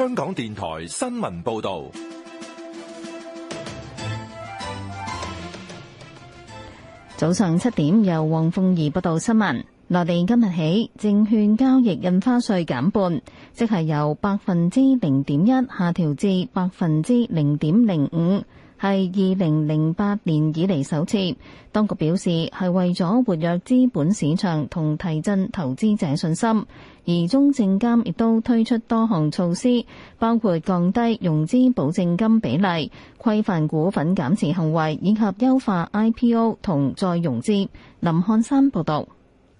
香港電台新聞報道，早上七點由黃鳳儀報道新聞。內地今日起，證券交易印花稅減半，即係由百分之零點一下調至百分之零點零五，係二零零八年以嚟首次。當局表示，係為咗活躍資本市場同提振投資者信心。而中證監亦都推出多項措施，包括降低融資保證金比例、規範股份減持行為以及優化 IPO 同再融資。林漢山報導。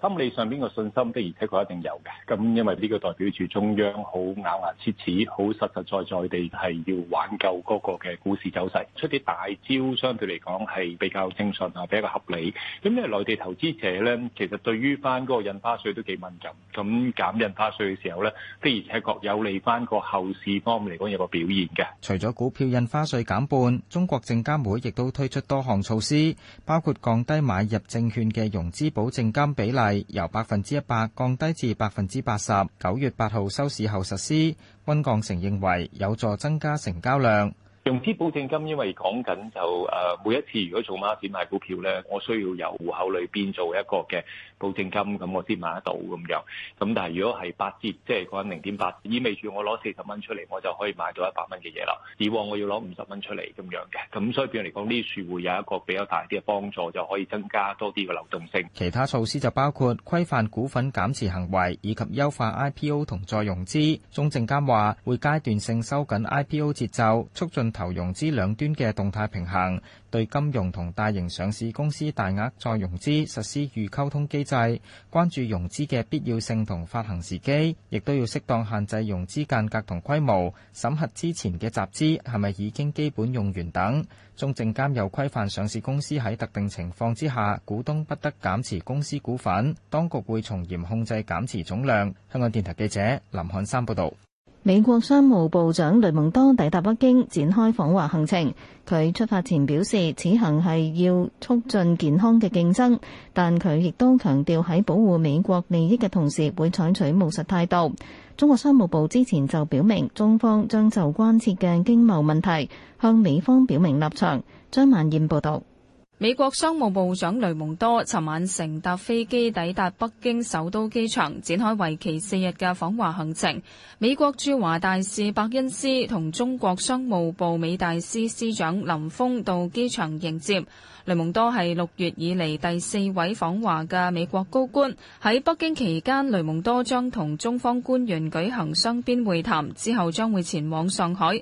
心理上邊嘅信心的而且確一定有嘅。咁因為呢個代表住中央好咬牙切齒，好實實在在地係要挽救嗰個嘅股市走勢，出啲大招，相對嚟講係比較正常啊，比較合理。咁因為內地投資者咧，其實對於翻嗰個印花稅都幾敏感。咁減印花稅嘅時候咧，的而且確有利翻個後市方面嚟講有個表現嘅。除咗股票印花稅減半，中國證監會亦都推出多項措施，包括降低買入證券嘅融資保證金比例。由百分之一百降低至百分之八十，九月八號收市後實施。溫鋼城認為有助增加成交量。融資保證金因為講緊就誒，每一次如果做孖展買股票咧，我需要由戶口裏邊做一個嘅。保證金咁我先買得到咁樣，咁但係如果係八折，即係講緊零點八，意味住我攞四十蚊出嚟，我就可以買到一百蚊嘅嘢啦。以往我要攞五十蚊出嚟咁樣嘅，咁所以變相嚟講，呢啲處會有一個比較大啲嘅幫助，就可以增加多啲嘅流動性。其他措施就包括規範股份減持行為，以及優化 IPO 同再融資。中證監話會階段性收緊 IPO 節奏，促進投融資兩端嘅動態平衡，對金融同大型上市公司大額再融資實施預溝通機制。制關注融資嘅必要性同發行時機，亦都要適當限制融資間隔同規模，審核之前嘅集資係咪已經基本用完等。中證監又規範上市公司喺特定情況之下，股東不得減持公司股份，當局會從嚴控制減持總量。香港電台記者林漢山報道。美國商務部長雷蒙多抵達北京展開訪華行程。佢出發前表示，此行係要促進健康嘅競爭，但佢亦都強調喺保護美國利益嘅同時，會採取務實態度。中國商務部之前就表明，中方將就關切嘅經貿問題向美方表明立場。張曼燕報道。美國商務部長雷蒙多尋晚乘搭飛機抵達北京首都機場，展開為期四日嘅訪華行程。美國駐華大使白恩斯同中國商務部美大司司長林峰到機場迎接。雷蒙多係六月以嚟第四位訪華嘅美國高官。喺北京期間，雷蒙多將同中方官員舉行雙邊會談，之後將會前往上海。而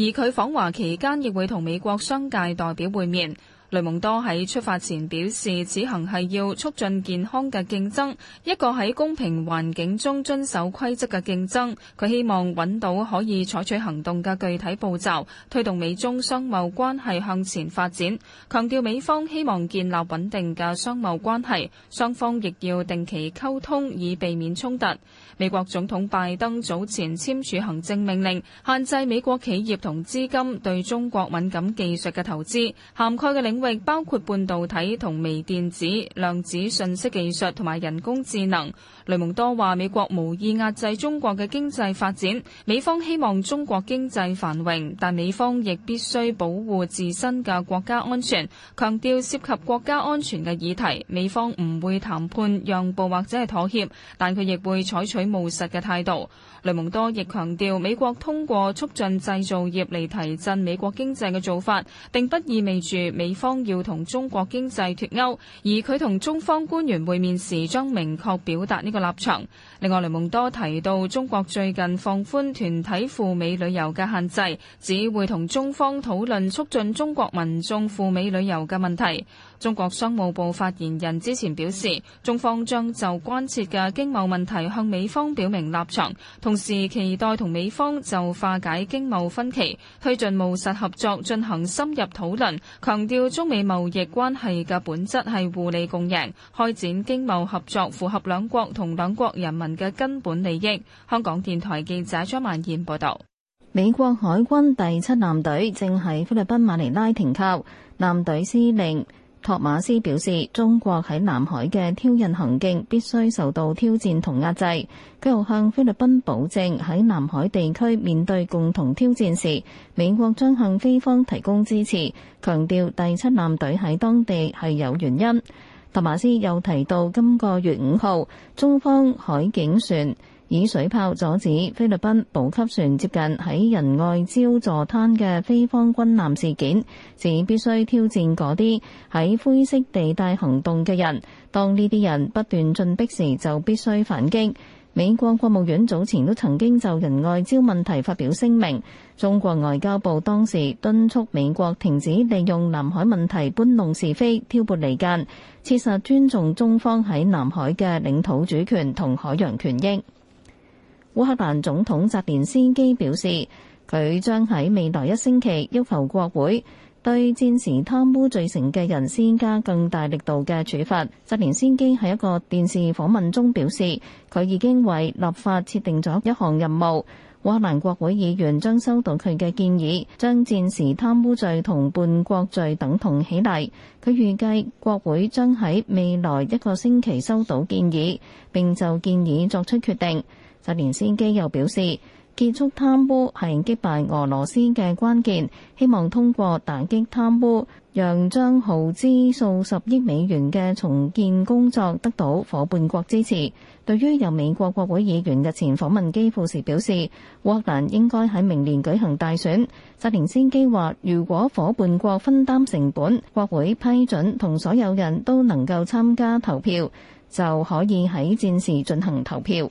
佢訪華期間亦會同美國商界代表會面。雷蒙多喺出發前表示，此行係要促進健康嘅競爭，一個喺公平環境中遵守規則嘅競爭，佢希望揾到可以採取行動嘅具體步驟，推動美中商貿關係向前發展。強調美方希望建立穩定嘅商貿關係，雙方亦要定期溝通，以避免衝突。美國總統拜登早前簽署行政命令，限制美國企業同資金對中國敏感技術嘅投資涵蓋嘅領域。域包括半導體同微電子、量子信息技術同埋人工智能。雷蒙多話：美國無意壓制中國嘅經濟發展，美方希望中國經濟繁榮，但美方亦必須保護自身嘅國家安全。強調涉及國家安全嘅議題，美方唔會談判讓步或者係妥協，但佢亦會採取務實嘅態度。雷蒙多亦強調，美國通過促進製造業嚟提振美國經濟嘅做法，並不意味住美方。方要同中國經濟脫鈎，而佢同中方官員會面時，將明確表達呢個立場。另外，雷蒙多提到中國最近放寬團體赴美旅遊嘅限制，只會同中方討論促進中國民眾赴美旅遊嘅問題。中國商務部發言人之前表示，中方將就關切嘅經貿問題向美方表明立場，同時期待同美方就化解經貿分歧、推進務實合作進行深入討論，強調。中美貿易關係嘅本質係互利共贏，開展經貿合作符合兩國同兩國人民嘅根本利益。香港電台記者張曼燕報導，美國海軍第七艦隊正喺菲律賓馬尼拉停靠，艦隊司令，托馬斯表示，中國喺南海嘅挑釁行徑必須受到挑戰同壓制。佢又向菲律賓保證，喺南海地區面對共同挑戰時，美國將向菲方提供支持，強調第七艦隊喺當地係有原因。托馬斯又提到，今個月五號，中方海警船。以水炮阻止菲律賓補給船接近喺仁愛礁坐灘嘅菲方軍艦事件，是必須挑戰嗰啲喺灰色地帶行動嘅人。當呢啲人不斷進逼時，就必須反擊。美國國務院早前都曾經就仁愛礁問題發表聲明，中國外交部當時敦促美國停止利用南海問題搬弄是非、挑撥離間，切實尊重中方喺南海嘅領土主權同海洋權益。烏克蘭總統澤連斯基表示，佢將喺未來一星期要求國會對戰時貪污罪成嘅人施加更大力度嘅處罰。澤連斯基喺一個電視訪問中表示，佢已經為立法設定咗一項任務，烏克蘭國會議員將收到佢嘅建議，將戰時貪污罪同叛國罪等同起嚟。佢預計國會將喺未來一個星期收到建議，並就建議作出決定。澤連斯基又表示，結束貪污係擊敗俄羅斯嘅關鍵。希望通過打擊貪污，讓將耗資數十億美元嘅重建工作得到夥伴國支持。對於由美國國會議員日前訪問基輔時表示，烏克蘭應該喺明年舉行大選，澤連斯基話：如果夥伴國分擔成本、國會批准同所有人都能夠參加投票，就可以喺戰時進行投票。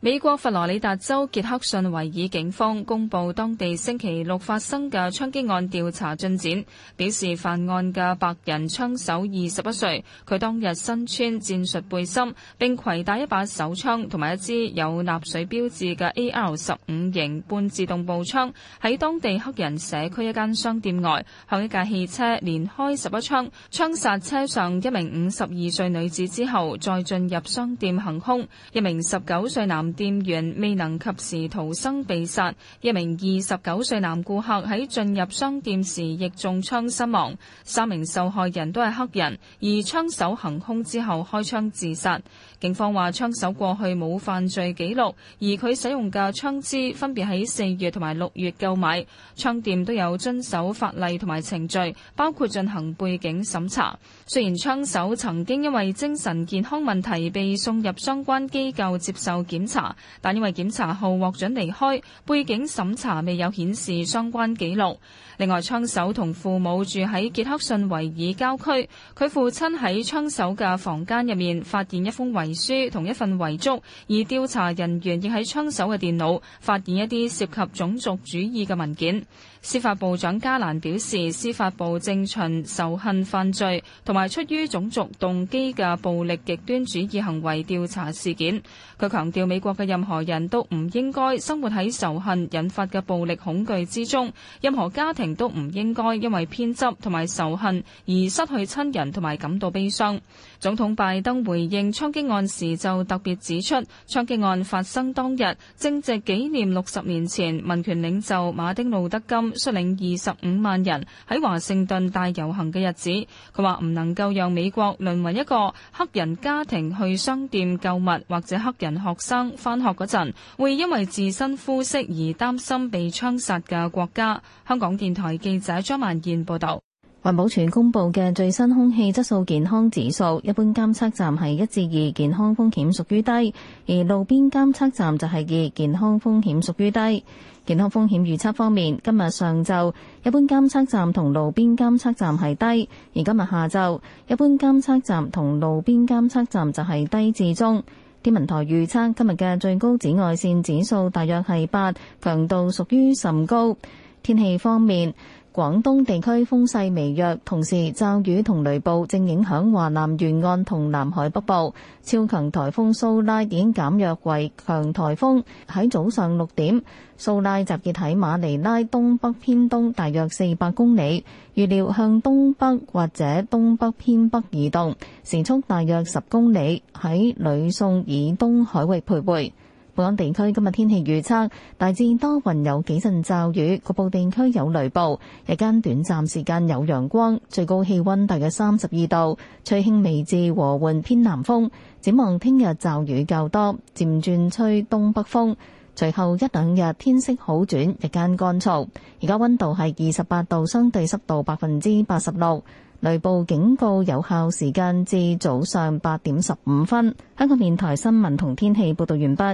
美國佛羅里達州傑克遜維爾警方公布當地星期六發生嘅槍擊案調查進展，表示犯案嘅白人槍手二十一歲，佢當日身穿戰術背心，並携帶一把手槍同埋一支有納粹標誌嘅 AR 十五型半自動步槍，喺當地黑人社區一間商店外向一架汽車連開十一槍，槍殺車上一名五十二歲女子之後，再進入商店行凶，一名十九歲男。店員未能及時逃生被殺，一名二十九歲男顧客喺進入商店時亦中槍身亡，三名受害人都係黑人，而槍手行凶之後開槍自殺。警方話槍手過去冇犯罪記錄，而佢使用嘅槍支分別喺四月同埋六月購買，槍店都有遵守法例同埋程序，包括進行背景審查。雖然槍手曾經因為精神健康問題被送入相關機構接受檢查。但因為檢查後獲准離開，背景審查未有顯示相關記錄。另外，槍手同父母住喺傑克遜維爾郊區，佢父親喺槍手嘅房間入面發現一封遺書同一份遺囑，而調查人員亦喺槍手嘅電腦發現一啲涉及種族主義嘅文件。司法部長加蘭表示，司法部正循仇恨犯罪同埋出於種族動機嘅暴力極端主義行為調查事件。佢強調，美國國嘅任何人都唔應該生活喺仇恨引發嘅暴力恐懼之中，任何家庭都唔應該因為偏執同埋仇恨而失去親人同埋感到悲傷。總統拜登回應槍擊案時就特別指出，槍擊案發生當日正值紀念六十年前民權領袖馬丁路德金率領二十五萬人喺華盛頓大遊行嘅日子。佢話唔能夠讓美國淪為一個黑人家庭去商店購物或者黑人學生翻學嗰陣會因為自身膚色而擔心被槍殺嘅國家。香港電台記者張曼燕報道。環保署公布嘅最新空氣質素健康指數，一般監測站係一至二，健康風險屬於低；而路邊監測站就係二，健康風險屬於低。健康風險預測方面，今日上晝一般監測站同路邊監測站係低，而今日下晝一般監測站同路邊監測站就係低至中。天文台預測今日嘅最高紫外線指數大約係八，強度屬於甚高。天氣方面。廣東地區風勢微弱，同時驟雨同雷暴正影響華南沿岸同南海北部。超強颱風蘇拉已經減弱為強颱風，喺早上六點，蘇拉集結喺馬尼拉東北偏東大約四百公里，預料向東北或者東北偏北移動，時速大約十公里，喺呂宋以東海域徘徊。本港地區今日天氣預測大致多雲，有幾陣驟雨，局部地區有雷暴。日間短暫時間有陽光，最高氣温大約三十二度，吹輕微至和緩偏南風。展望聽日驟雨較多，漸轉吹東北風。隨後一兩日天色好轉，日間乾燥。而家温度係二十八度，相對濕度百分之八十六。雷暴警告有效時間至早上八點十五分。香港電台新聞同天氣報道完畢。